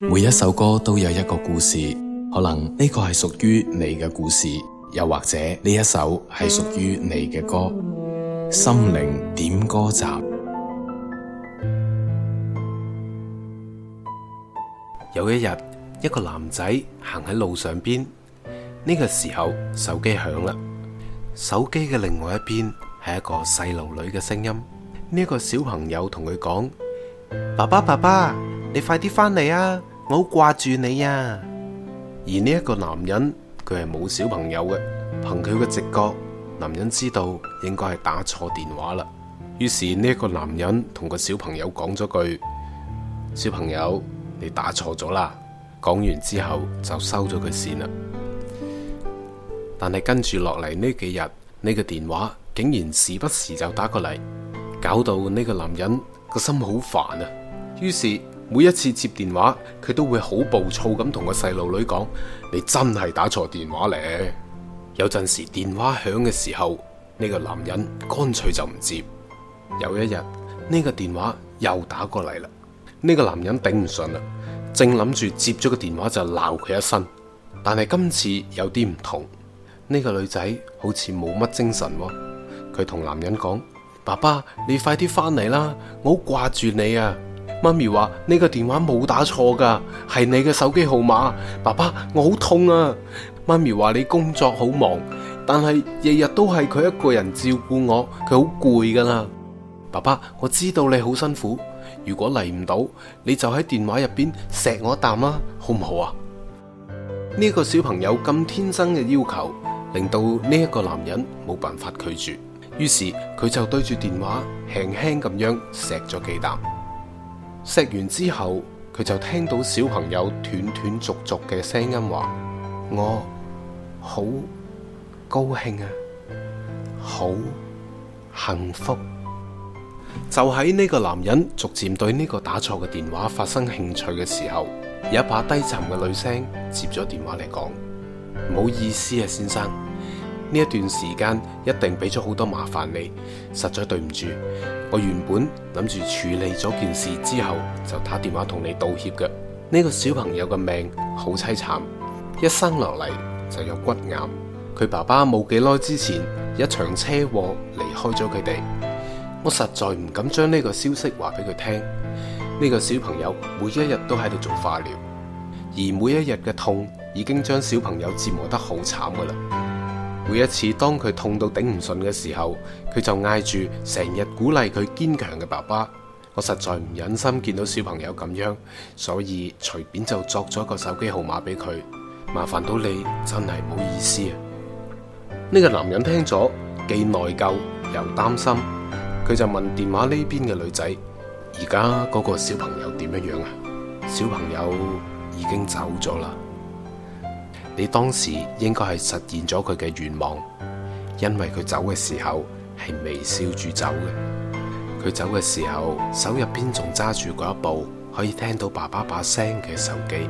每一首歌都有一個故事，可能呢個係屬於你嘅故事，又或者呢一首係屬於你嘅歌。心靈點歌站。有一日，一個男仔行喺路上邊，呢個時候手機響啦。手機嘅另外一邊係一個細路女嘅聲音。呢個小朋友同佢講：爸爸，爸爸，你快啲翻嚟啊！我好掛住你啊！而呢一個男人，佢係冇小朋友嘅。憑佢嘅直覺，男人知道應該係打錯電話啦。於是呢一個男人同個小朋友講咗句：小朋友，你打錯咗啦！講完之後就收咗佢線啦。但係跟住落嚟呢幾日，呢個電話竟然時不時就打過嚟，搞到呢個男人個心好煩啊！於是。每一次接電話，佢都會好暴躁咁同個細路女講：你真係打錯電話咧！有陣時電話響嘅時候，呢個男人乾脆就唔接。有一日，呢個電話又打過嚟啦，呢個男人頂唔順啦，正諗住接咗個電話就鬧佢一身。但係今次有啲唔同，呢個女仔好似冇乜精神喎。佢同男人講：爸爸，你快啲翻嚟啦，我好掛住你啊！媽咪話：呢個電話冇打錯噶，係你嘅手機號碼。爸爸，我好痛啊！媽咪話你工作好忙，但係日日都係佢一個人照顧我，佢好攰噶啦。爸爸，我知道你好辛苦，如果嚟唔到，你就喺電話入邊錫我一啖啦，好唔好啊？呢個小朋友咁天生嘅要求，令到呢一個男人冇辦法拒絕，於是佢就對住電話輕輕咁樣錫咗幾啖。食完之後，佢就聽到小朋友斷斷續續嘅聲音話：我好高興啊，好幸福。 就喺呢個男人逐漸對呢個打錯嘅電話發生興趣嘅時候，有一把低沉嘅女聲接咗電話嚟講： 唔好意思啊，先生。呢一段時間一定俾咗好多麻煩你，實在對唔住。我原本諗住處理咗件事之後就打電話同你道歉嘅。呢個小朋友嘅命好淒慘，一生落嚟就有骨癌。佢爸爸冇幾耐之前一場車禍離開咗佢哋。我實在唔敢將呢個消息話俾佢聽。呢個小朋友每一日都喺度做化療，而每一日嘅痛已經將小朋友折磨得好慘噶啦。每一次當佢痛到頂唔順嘅時候，佢就嗌住成日鼓勵佢堅強嘅爸爸。我實在唔忍心見到小朋友咁樣，所以隨便就作咗個手機號碼俾佢。麻煩到你真係唔好意思啊！呢個男人聽咗既內疚又擔心，佢就問電話呢邊嘅女仔：而家嗰個小朋友點樣樣啊？小朋友已經走咗啦。你當時應該係實現咗佢嘅願望，因為佢走嘅時候係微笑住走嘅。佢走嘅時候，手入邊仲揸住嗰一部可以聽到爸爸把聲嘅手機。